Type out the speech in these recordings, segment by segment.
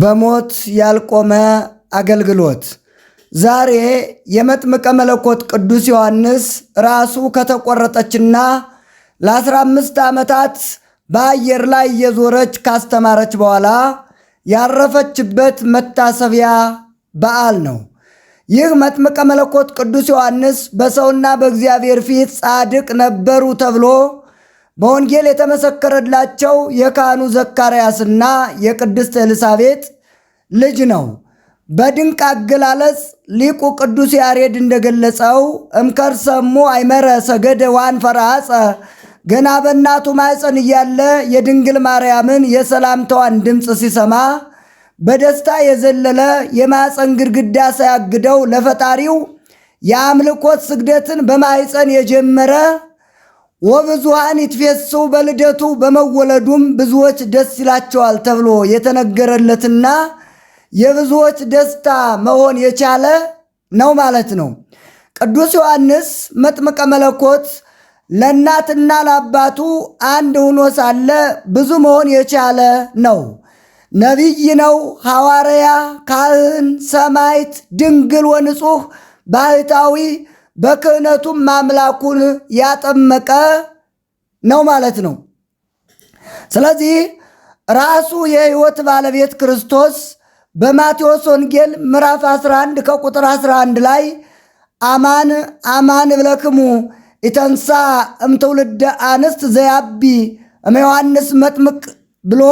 በሞት ያልቆመ አገልግሎት ዛሬ የመጥምቀ መለኮት ቅዱስ ዮሐንስ ራሱ ከተቆረጠችና ለ15 ዓመታት በአየር ላይ እየዞረች ካስተማረች በኋላ ያረፈችበት መታሰቢያ በዓል ነው። ይህ መጥምቀ መለኮት ቅዱስ ዮሐንስ በሰውና በእግዚአብሔር ፊት ጻድቅ ነበሩ ተብሎ በወንጌል የተመሰከረላቸው የካህኑ ዘካርያስና የቅድስት ኤልሳቤጥ ልጅ ነው። በድንቅ አገላለጽ ሊቁ ቅዱስ ያሬድ እንደገለጸው እምከር ሰሙ አይመረ ሰገደ ዋን ፈራጸ ገና በእናቱ ማኅፀን እያለ የድንግል ማርያምን የሰላምታዋን ድምፅ ሲሰማ በደስታ የዘለለ የማኅፀን ግድግዳ ሳያግደው ለፈጣሪው የአምልኮት ስግደትን በማኅፀን የጀመረ ወብዙሃን ይትፌስው በልደቱ በመወለዱም ብዙዎች ደስ ይላቸዋል ተብሎ የተነገረለትና የብዙዎች ደስታ መሆን የቻለ ነው ማለት ነው። ቅዱስ ዮሐንስ መጥምቀ መለኮት ለእናትና ለአባቱ አንድ ሆኖ ሳለ ብዙ መሆን የቻለ ነው። ነቢይ ነው፣ ሐዋርያ፣ ካህን፣ ሰማይት ድንግል ወንጹሕ ባህታዊ በክህነቱም አምላኩን ያጠመቀ ነው ማለት ነው። ስለዚህ ራሱ የሕይወት ባለቤት ክርስቶስ በማቴዎስ ወንጌል ምዕራፍ 11 ከቁጥር 11 ላይ አማን አማን እብለክሙ ኢተንሳ እምትውልደ አንስት ዘያቢ እመዮሐንስ መጥምቅ ብሎ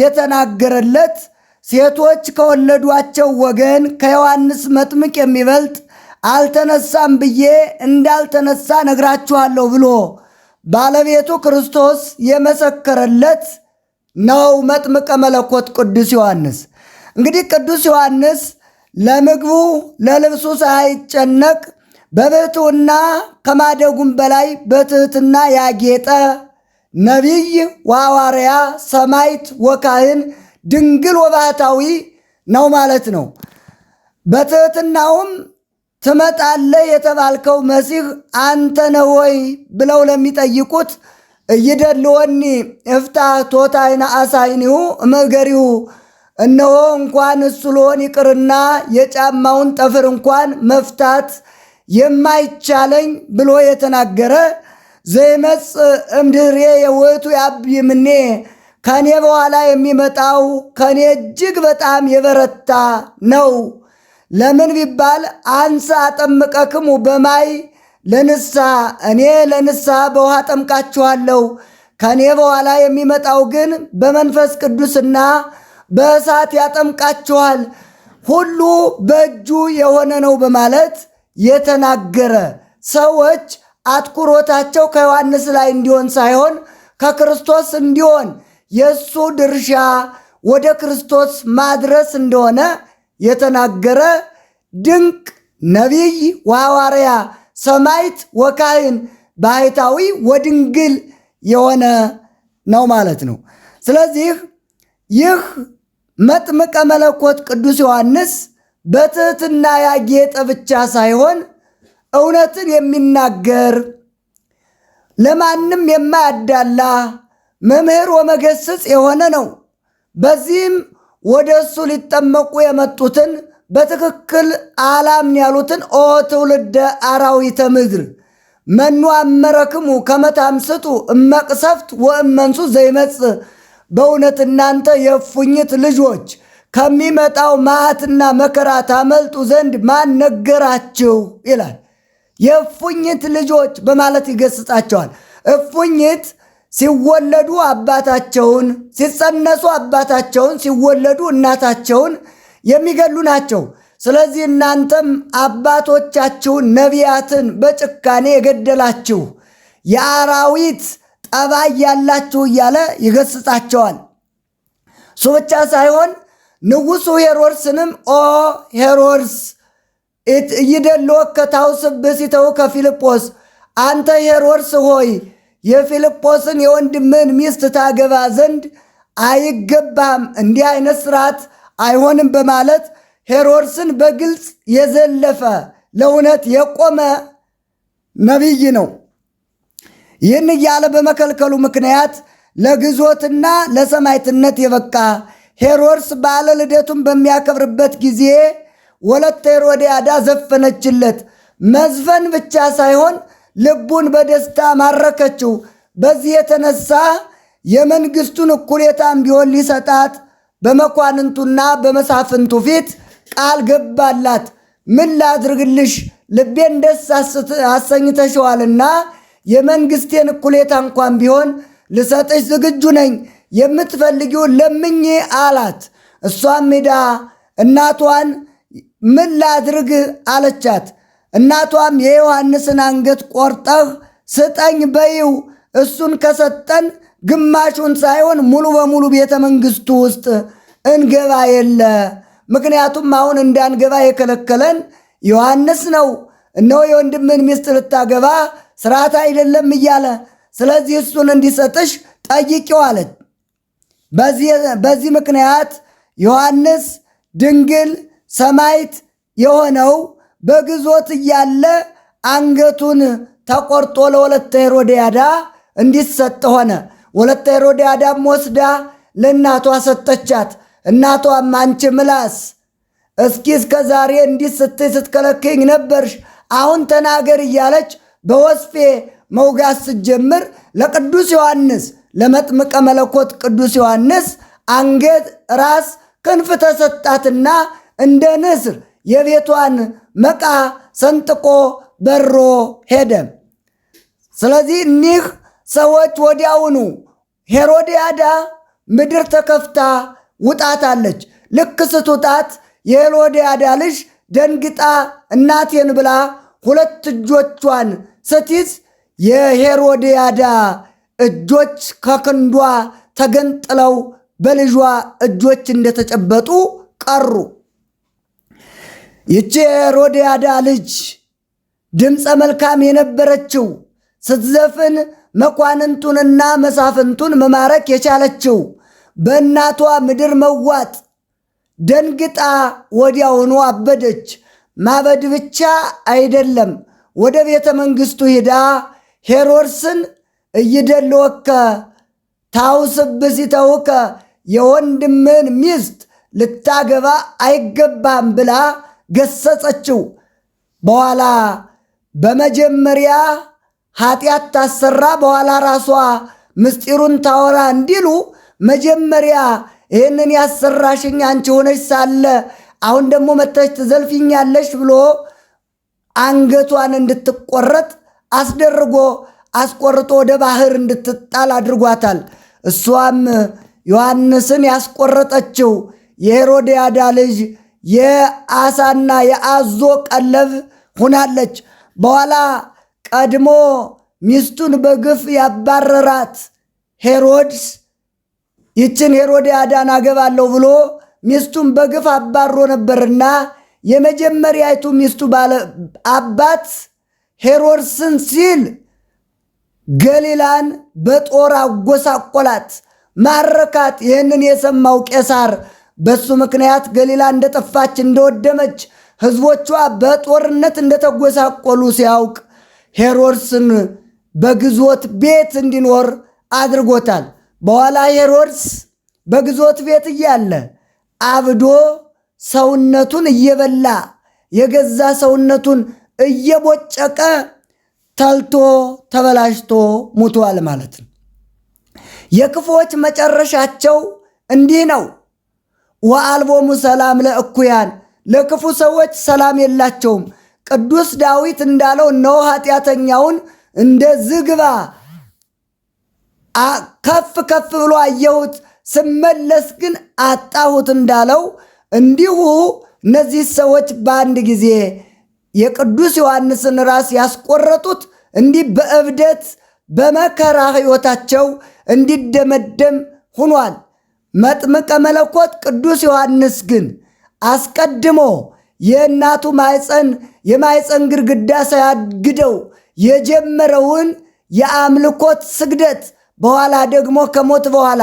የተናገረለት ሴቶች ከወለዷቸው ወገን ከዮሐንስ መጥምቅ የሚበልጥ አልተነሳም ብዬ እንዳልተነሳ ነግራችኋለሁ ብሎ ባለቤቱ ክርስቶስ የመሰከረለት ነው መጥምቀ መለኮት ቅዱስ ዮሐንስ። እንግዲህ ቅዱስ ዮሐንስ ለምግቡ ለልብሱ ሳይጨነቅ በብሕትውና ከማደጉም በላይ በትህትና ያጌጠ ነቢይ ወሐዋርያ ሰማይት ወካህን ድንግል ወባሕታዊ ነው ማለት ነው። በትህትናውም ትመጣለህ የተባልከው መሲህ አንተ ነህ ወይ ብለው ለሚጠይቁት እይደልወኒ እፍታ ቶታይና አሳይኒሁ መገሪሁ እነሆ እንኳን እሱ ልሆን ይቅርና የጫማውን ጠፍር እንኳን መፍታት የማይቻለኝ ብሎ የተናገረ ዘይመጽ እምድሬ የወቱ ያብይምኔ ከኔ በኋላ የሚመጣው ከኔ እጅግ በጣም የበረታ ነው። ለምን ቢባል አንሰ አጠምቀክሙ በማይ ለንስሐ እኔ ለንስሐ በውሃ አጠምቃችኋለሁ ከእኔ በኋላ የሚመጣው ግን በመንፈስ ቅዱስና በእሳት ያጠምቃችኋል ሁሉ በእጁ የሆነ ነው በማለት የተናገረ ሰዎች አትኩሮታቸው ከዮሐንስ ላይ እንዲሆን ሳይሆን ከክርስቶስ እንዲሆን የእሱ ድርሻ ወደ ክርስቶስ ማድረስ እንደሆነ የተናገረ ድንቅ ነቢይ ወሐዋርያ ሰማይት ወካህን ባህታዊ ወድንግል የሆነ ነው ማለት ነው። ስለዚህ ይህ መጥምቀ መለኮት ቅዱስ ዮሐንስ በትህትና ያጌጠ ብቻ ሳይሆን እውነትን የሚናገር ለማንም የማያዳላ መምህር ወመገስጽ የሆነ ነው። በዚህም ወደ እሱ ሊጠመቁ የመጡትን በትክክል አላምን ያሉትን ኦ ትውልደ አራዊተ ምድር መኑ አመረክሙ ከመታምስቱ እመቅሰፍት ወእመንሱ ዘይመጽ በእውነት እናንተ የእፉኝት ልጆች ከሚመጣው መዓትና መከራ ታመልጡ ዘንድ ማን ነገራችሁ? ይላል። የእፉኝት ልጆች በማለት ይገስጻቸዋል። እፉኝት ሲወለዱ አባታቸውን፣ ሲጸነሱ አባታቸውን፣ ሲወለዱ እናታቸውን የሚገሉ ናቸው። ስለዚህ እናንተም አባቶቻችሁን ነቢያትን በጭካኔ የገደላችሁ የአራዊት ጠባይ ያላችሁ እያለ ይገስጻቸዋል። እሱ ብቻ ሳይሆን ንጉሡ ሄሮድስንም ኦ ሄሮድስ ይደልወከ ታውስብህ ሲተውከ ከፊልጶስ አንተ ሄሮድስ ሆይ የፊልጶስን የወንድምን ሚስት ታገባ ዘንድ አይገባም እንዲህ አይነት ስርዓት አይሆንም በማለት ሄሮድስን በግልጽ የዘለፈ ለእውነት የቆመ ነቢይ ነው። ይህን እያለ በመከልከሉ ምክንያት ለግዞትና ለሰማይትነት የበቃ ሄሮድስ በዓለ ልደቱን በሚያከብርበት ጊዜ ወለተ ሄሮዲያዳ ዘፈነችለት። መዝፈን ብቻ ሳይሆን ልቡን በደስታ ማረከችው። በዚህ የተነሳ የመንግስቱን እኩሌታም ቢሆን ሊሰጣት በመኳንንቱና በመሳፍንቱ ፊት ቃል ገባላት። ምን ላድርግልሽ ልቤን ደስ አሰኝተሸዋልና የመንግስቴን እኩሌታ እንኳን ቢሆን ልሰጥሽ ዝግጁ ነኝ፣ የምትፈልጊው ለምኝ አላት። እሷም ሄዳ እናቷን ምን ላድርግ አለቻት። እናቷም የዮሐንስን አንገት ቆርጠህ ስጠኝ በይው፣ እሱን ከሰጠን ግማሹን ሳይሆን ሙሉ በሙሉ ቤተ መንግሥቱ ውስጥ እንገባ የለ። ምክንያቱም አሁን እንዳንገባ የከለከለን ዮሐንስ ነው። እነሆ የወንድምን ሚስት ልታገባ ስርዓት አይደለም እያለ ስለዚህ እሱን እንዲሰጥሽ ጠይቂው አለት። በዚህ ምክንያት ዮሐንስ ድንግል ሰማይት የሆነው በግዞት እያለ አንገቱን ተቆርጦ ለወለተ ሄሮዲያዳ እንዲሰጥ ሆነ። ወለተ ሄሮድያዳም ወስዳ ለእናቷ ሰጠቻት። እናቷም አንቺ ምላስ እስኪ እስከ ዛሬ እንዲህ ስትይ ስትከለክኝ ነበርሽ፣ አሁን ተናገር እያለች በወስፌ መውጋት ስትጀምር ለቅዱስ ዮሐንስ ለመጥምቀ መለኮት ቅዱስ ዮሐንስ አንገት፣ ራስ፣ ክንፍ ተሰጣትና እንደ ንስር የቤቷን መቃ ሰንጥቆ በሮ ሄደ። ስለዚህ እኒህ ሰዎች ወዲያውኑ ሄሮድያዳ ምድር ተከፍታ ውጣት አለች። ልክ ስትውጣት የሄሮድያዳ ልጅ ደንግጣ እናቴን ብላ ሁለት እጆቿን ስትይዝ የሄሮድያዳ እጆች ከክንዷ ተገንጥለው በልጇ እጆች እንደተጨበጡ ቀሩ። ይቺ የሮድያዳ ልጅ ድምፀ መልካም የነበረችው ስትዘፍን መኳንንቱንና መሳፍንቱን መማረክ የቻለችው በእናቷ ምድር መዋጥ ደንግጣ ወዲያውኑ አበደች። ማበድ ብቻ አይደለም፣ ወደ ቤተ መንግሥቱ ሂዳ ሄሮድስን እይደልወከ ታውስብሲተውከ የወንድምን ሚስት ልታገባ አይገባም ብላ ገሰጸችው። በኋላ በመጀመሪያ ኃጢአት ታሰራ፣ በኋላ ራሷ ምስጢሩን ታወራ እንዲሉ መጀመሪያ ይህንን ያሰራሽኝ አንቺ ሆነች ሳለ አሁን ደግሞ መተች ትዘልፊኛለሽ ብሎ አንገቷን እንድትቆረጥ አስደርጎ አስቆርጦ ወደ ባህር እንድትጣል አድርጓታል። እሷም ዮሐንስን ያስቆረጠችው የሄሮድያዳ ልጅ የአሳና የአዞ ቀለብ ሆናለች። በኋላ ቀድሞ ሚስቱን በግፍ ያባረራት ሄሮድስ ይችን ሄሮድያዳን አገባለሁ ብሎ ሚስቱን በግፍ አባሮ ነበርና የመጀመሪያይቱ ሚስቱ ባለ አባት ሄሮድስን ሲል ገሊላን በጦር አጎሳቆላት፣ ማረካት። ይህንን የሰማው ቄሳር በሱ ምክንያት ገሊላ እንደጠፋች እንደወደመች፣ ሕዝቦቿ በጦርነት እንደተጎሳቆሉ ሲያውቅ ሄሮድስን በግዞት ቤት እንዲኖር አድርጎታል። በኋላ ሄሮድስ በግዞት ቤት እያለ አብዶ ሰውነቱን እየበላ የገዛ ሰውነቱን እየቦጨቀ ተልቶ ተበላሽቶ ሙቷል ማለት ነው። የክፎች መጨረሻቸው እንዲህ ነው። ወአልቦሙ ሰላም ለእኩያን ለክፉ ሰዎች ሰላም የላቸውም። ቅዱስ ዳዊት እንዳለው እነሆ ኃጢአተኛውን እንደ ዝግባ ከፍ ከፍ ብሎ አየሁት፣ ስመለስ ግን አጣሁት እንዳለው እንዲሁ እነዚህ ሰዎች በአንድ ጊዜ የቅዱስ ዮሐንስን ራስ ያስቆረጡት እንዲህ በእብደት በመከራ ሕይወታቸው እንዲደመደም ሆኗል። መጥምቀ መለኮት ቅዱስ ዮሐንስ ግን አስቀድሞ የእናቱ ማይፀን የማይፀን ግድግዳ ሳያግደው የጀመረውን የአምልኮት ስግደት በኋላ ደግሞ ከሞት በኋላ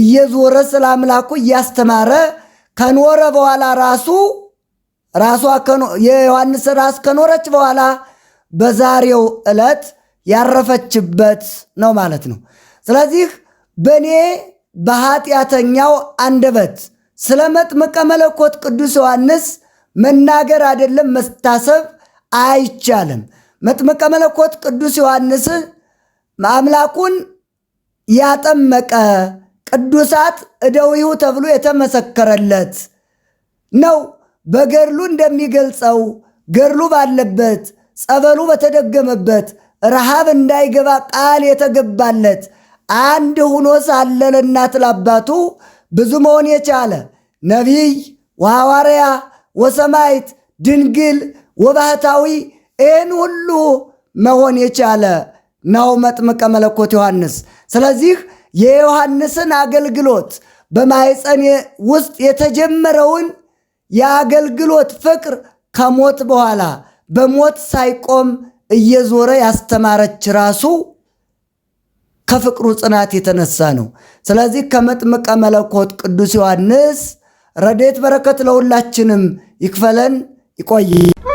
እየዞረ ስለ አምላኩ እያስተማረ ከኖረ በኋላ ራሱ ራሷ የዮሐንስ ራስ ከኖረች በኋላ በዛሬው ዕለት ያረፈችበት ነው ማለት ነው። ስለዚህ በእኔ በኃጢአተኛው አንደበት ስለ መጥምቀ መለኮት ቅዱስ ዮሐንስ መናገር አይደለም መስታሰብ አይቻልም። መጥምቀ መለኮት ቅዱስ ዮሐንስ አምላኩን ያጠመቀ ቅዱሳት እደዊሁ ተብሎ የተመሰከረለት ነው። በገድሉ እንደሚገልጸው ገድሉ ባለበት ጸበሉ በተደገመበት ረሃብ እንዳይገባ ቃል የተገባለት አንድ ሁኖ ሳለ ለእናት ለአባቱ ብዙ መሆን የቻለ ነቢይ ወሐዋርያ ወሰማይት ድንግል ወባህታዊ ይህን ሁሉ መሆን የቻለ ነው መጥምቀ መለኮት ዮሐንስ። ስለዚህ የዮሐንስን አገልግሎት በማኅፀን ውስጥ የተጀመረውን የአገልግሎት ፍቅር ከሞት በኋላ በሞት ሳይቆም እየዞረ ያስተማረች ራሱ ከፍቅሩ ጽናት የተነሳ ነው። ስለዚህ ከመጥምቀ መለኮት ቅዱስ ዮሐንስ ረዴት በረከት ለሁላችንም ይክፈለን። ይቆይ